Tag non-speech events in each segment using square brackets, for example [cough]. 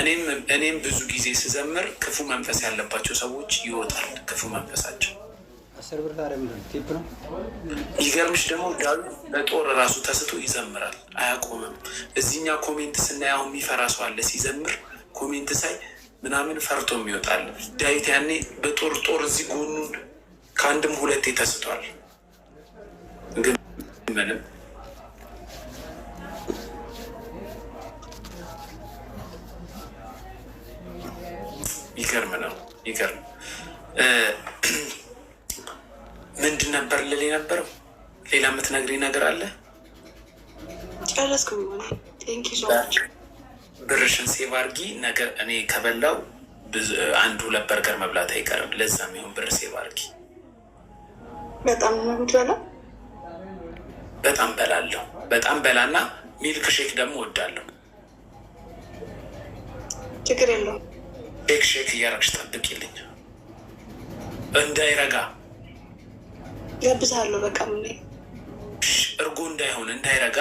እኔም ብዙ ጊዜ ስዘምር ክፉ መንፈስ ያለባቸው ሰዎች ይወጣል ክፉ መንፈሳቸው። ይገርምሽ ደግሞ ዳሉ በጦር ራሱ ተስቶ ይዘምራል አያቆምም። እዚህኛ ኮሜንት ስናይ አሁን የሚፈራ ሰው አለ ሲዘምር ኮሜንት ሳይ ምናምን ፈርቶ የሚወጣል። ዳዊት ያኔ በጦር ጦር እዚህ ጎኑን ከአንድም ሁለቴ ተስቷል ግን ምንም የሚገርም ነው። ይገርም ምንድን ነበር ልል የነበረው? ሌላ የምትነግሪኝ ነገር አለ? ብርሽን ሴቭ አድርጊ። ነገር እኔ ከበላው አንድ ሁለት በርገር መብላት አይቀርም። ለዛ የሚሆን ብር ሴቭ አድርጊ። በጣም ነው በጣም በላለሁ። በጣም በላና ሚልክ ሼክ ደግሞ ወዳለሁ። ችግር የለውም። ኤክሼክ እያረግሽ ጠብቂልኝ እንዳይረጋ ጋብዛለሁ። በቃ ምን እርጎ እንዳይሆን እንዳይረጋ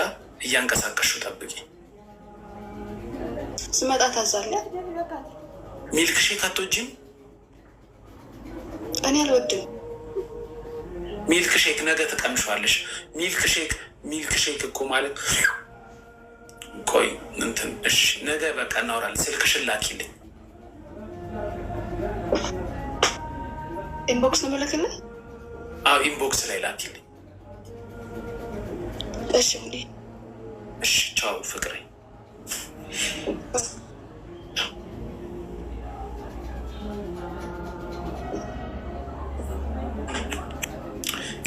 እያንቀሳቀሹ ጠብቂ። ስመጣ ታዛለ። ሚልክሼክ አትወጂም? እኔ አልወድም ሚልክሼክ። ነገ ትቀምሸዋለሽ። ሚልክሼክ ሚልክሼክ እኮ ማለት ቆይ እንትን እሺ፣ ነገ በቃ እናወራለን። ስልክሽን ላኪልኝ ኢንቦክስ ነው መለክልህ? አዎ ኢንቦክስ ላይ ላኪልኝ። እሺ እንዴ። እሺ ቻው ፍቅሬ።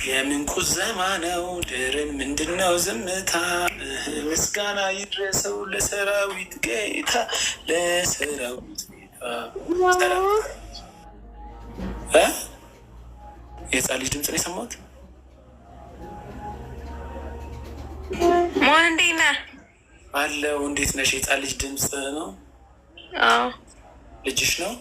የምንቁ ዘማነው ድርን ምንድነው ዝምታ? ምስጋና ይድረሰው ለሰራዊት ጌታ ለሰራዊት የህፃን ልጅ ድምፅ ነው የሰማሁት። ሞን እንዴት ነህ? አለው እንዴት ነሽ? የህፃን ልጅ ድምፅ ነው። ልጅሽ ነው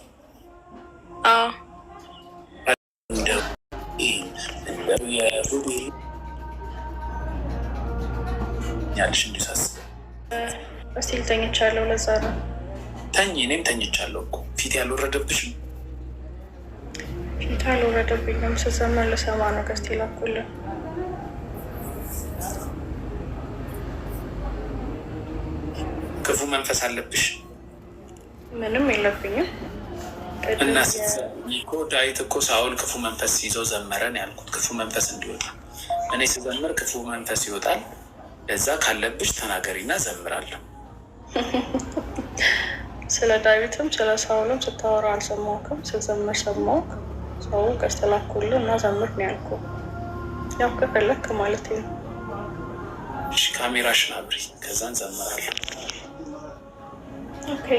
ያልሽ እንዲሳስ እስኪ ልተኝቻለሁ። ለዛ ነው ተኝ፣ እኔም ተኝቻለሁ እኮ ፊት ያልወረደብሽ? ፊት አልወረደብኝም። ስሰማ ልሰማ ነው ይላኩልን ክፉ መንፈስ አለብሽ? ምንም የለብኝም። እና እኮ ዳዊት እኮ ሳውል ክፉ መንፈስ ይዞ ዘመረን ያልኩት ክፉ መንፈስ እንዲወጣ እኔ ስዘምር ክፉ መንፈስ ይወጣል። ለዛ ካለብሽ ተናገሪና ዘምራለሁ። [laughs] ስለ ዳዊትም ስለ ሳውልም ስታወራ አልሰማሁም፣ ስዘምር ሰማሁክ። ሰው ቀስተላኩል እና ዘምር ነው ያልኩ። ያው ከፈለክ ማለት ነው። እሺ ካሜራሽን አብሪ፣ ከዛ እንዘምራለን። ኦኬ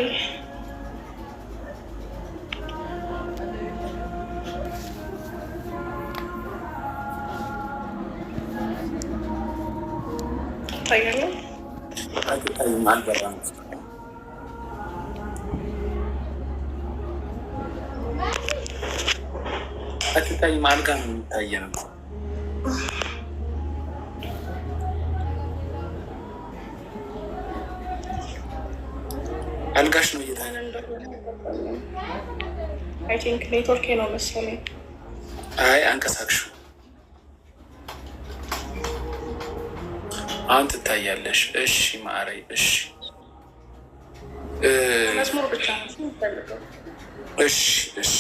ይታያለን። አልገባም ቀጥታኝ ማልጋ ነው የሚታየ ነበር። አልጋሽ ነው እየታየ አይ ቲንክ ኔትወርኬ ነው መሰለኝ። አይ አንቀሳቅሹ አሁን ትታያለሽ። እሺ ማረይ እሺ እሺ እሺ